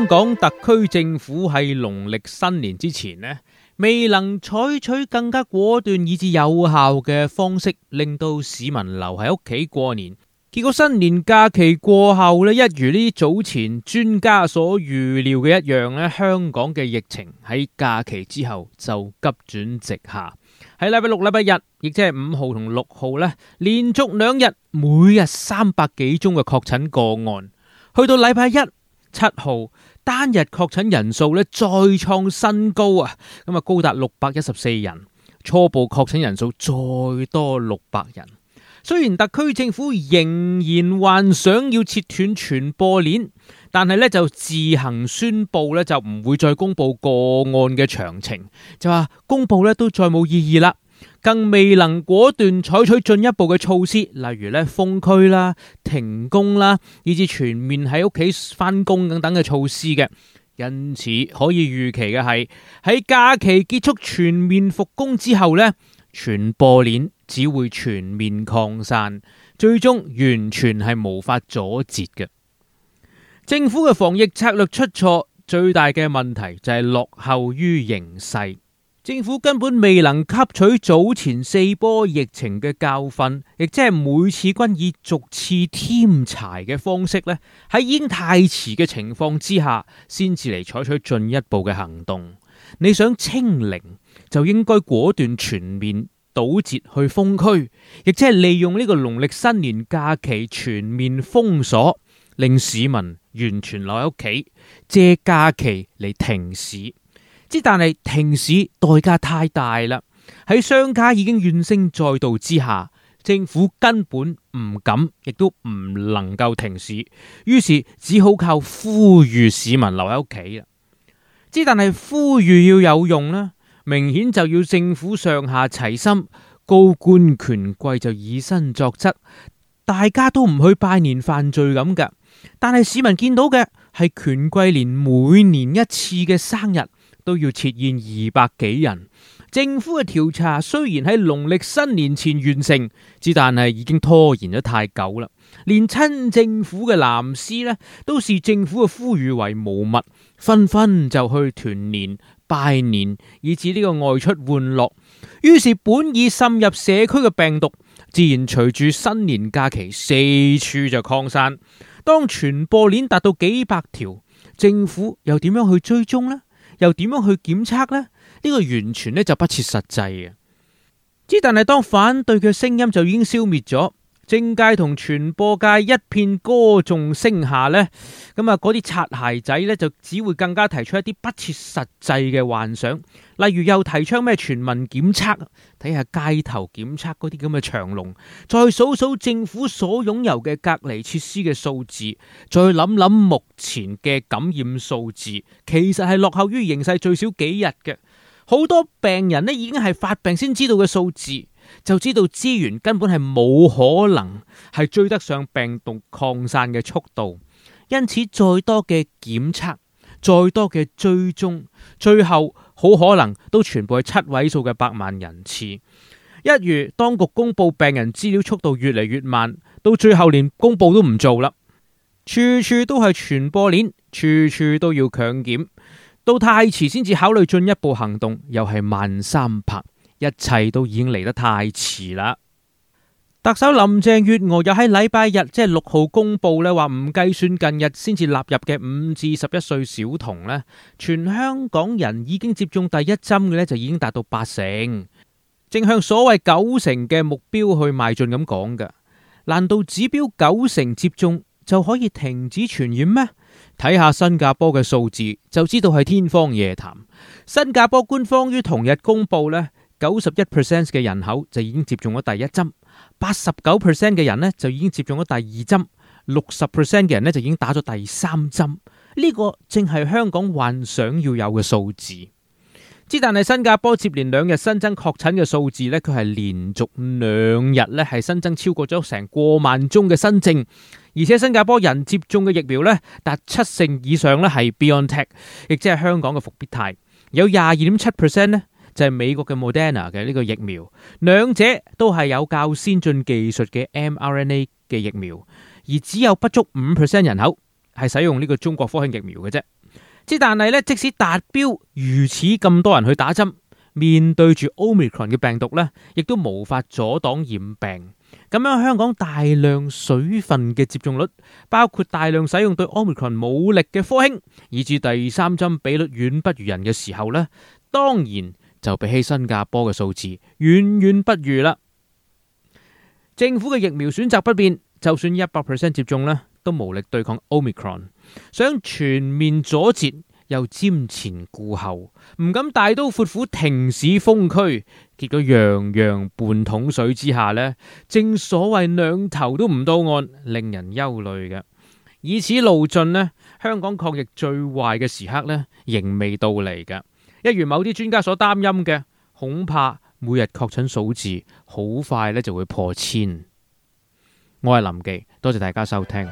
香港特區政府喺農曆新年之前呢，未能採取更加果斷以至有效嘅方式，令到市民留喺屋企過年。結果新年假期過後咧，一如呢早前專家所預料嘅一樣咧，香港嘅疫情喺假期之後就急轉直下。喺禮拜六、禮拜日，亦即係五號同六號咧，連續兩日每日三百幾宗嘅確診個案，去到禮拜一、七號。單日確診人數咧再創新高啊！咁啊高達六百一十四人，初步確診人數再多六百人。雖然特區政府仍然幻想要切斷傳播鏈，但係咧就自行宣布咧就唔會再公布個案嘅詳情，就話公布咧都再冇意義啦。更未能果斷採取進一步嘅措施，例如咧封區啦、停工啦，以至全面喺屋企翻工等等嘅措施嘅。因此可以預期嘅係喺假期結束全面復工之後呢，傳播鏈只會全面擴散，最終完全係無法阻截嘅。政府嘅防疫策略出錯，最大嘅問題就係落後於形勢。政府根本未能吸取早前四波疫情嘅教訓，亦即係每次均以逐次添柴嘅方式咧，喺已經太遲嘅情況之下，先至嚟採取進一步嘅行動。你想清零，就應該果斷全面堵截去封區，亦即係利用呢個農曆新年假期全面封鎖，令市民完全留喺屋企，借假期嚟停市。之，但係停市代價太大啦。喺商家已經怨聲載道之下，政府根本唔敢，亦都唔能夠停市，於是只好靠呼籲市民留喺屋企啦。之，但係呼籲要有用啦，明顯就要政府上下齊心，高官權貴就以身作則，大家都唔去拜年犯罪咁噶。但係市民見到嘅係權貴連每年一次嘅生日。都要設宴二百幾人。政府嘅調查雖然喺農曆新年前完成，只但係已經拖延得太久啦。連親政府嘅藍絲呢，都視政府嘅呼籲為無物，紛紛就去團年拜年，以致呢個外出玩樂。於是本已滲入社區嘅病毒，自然隨住新年假期四處就擴散。當傳播鏈達到幾百條，政府又點樣去追蹤呢？又點樣去檢測呢？呢個完全咧就不切實際嘅。之但係當反對嘅聲音就已經消滅咗。政界同傳播界一片歌頌聲下呢，咁啊嗰啲擦鞋仔呢，就只會更加提出一啲不切實際嘅幻想，例如又提倡咩全民檢測，睇下街頭檢測嗰啲咁嘅長龍，再數數政府所擁有嘅隔離設施嘅數字，再諗諗目前嘅感染數字，其實係落後於形勢最少幾日嘅，好多病人呢已經係發病先知道嘅數字。就知道資源根本係冇可能係追得上病毒擴散嘅速度，因此再多嘅檢測，再多嘅追蹤，最後好可能都全部係七位數嘅百萬人次。一如當局公布病人資料速度越嚟越慢，到最後連公布都唔做啦。處處都係傳播鏈，處處都要強檢，到太遲先至考慮進一步行動，又係慢三拍。一切都已經嚟得太遲啦！特首林鄭月娥又喺禮拜日即係六號公布呢，話唔計算近日先至納入嘅五至十一歲小童呢，全香港人已經接種第一針嘅呢，就已經達到八成，正向所謂九成嘅目標去邁進咁講㗎。難道指標九成接種就可以停止傳染咩？睇下新加坡嘅數字就知道係天方夜譚。新加坡官方於同日公布呢。九十一 percent 嘅人口就已經接種咗第一針，八十九 percent 嘅人呢就已經接種咗第二針，六十 percent 嘅人呢就已經打咗第三針。呢個正係香港幻想要有嘅數字。之但係新加坡接連兩日新增確診嘅數字呢，佢係連續兩日呢係新增超過咗成過萬宗嘅新症，而且新加坡人接種嘅疫苗呢，達七成以上呢係 BioNTech，亦即係香港嘅復必泰，有廿二點七 percent 呢。就係美國嘅 Moderna 嘅呢個疫苗，兩者都係有較先進技術嘅 mRNA 嘅疫苗，而只有不足五 percent 人口係使用呢個中國科興疫苗嘅啫。即係但係咧，即使達標，如此咁多人去打針，面對住 Omicron 嘅病毒咧，亦都無法阻擋染病。咁樣香港大量水分嘅接種率，包括大量使用對 Omicron 無力嘅科興，以至第三針比率遠不如人嘅時候咧，當然。就比起新加坡嘅數字遠遠不如啦。政府嘅疫苗選擇不變，就算一百 percent 接種咧，都無力對抗 Omicron。想全面阻截又瞻前顧後，唔敢大刀闊斧停市封區，結果樣樣半桶水之下咧，正所謂兩頭都唔到岸，令人憂慮嘅。以此路進咧，香港抗疫最壞嘅時刻咧，仍未到嚟嘅。一如某啲專家所擔憂嘅，恐怕每日確診數字好快咧就會破千。我係林忌，多謝大家收聽。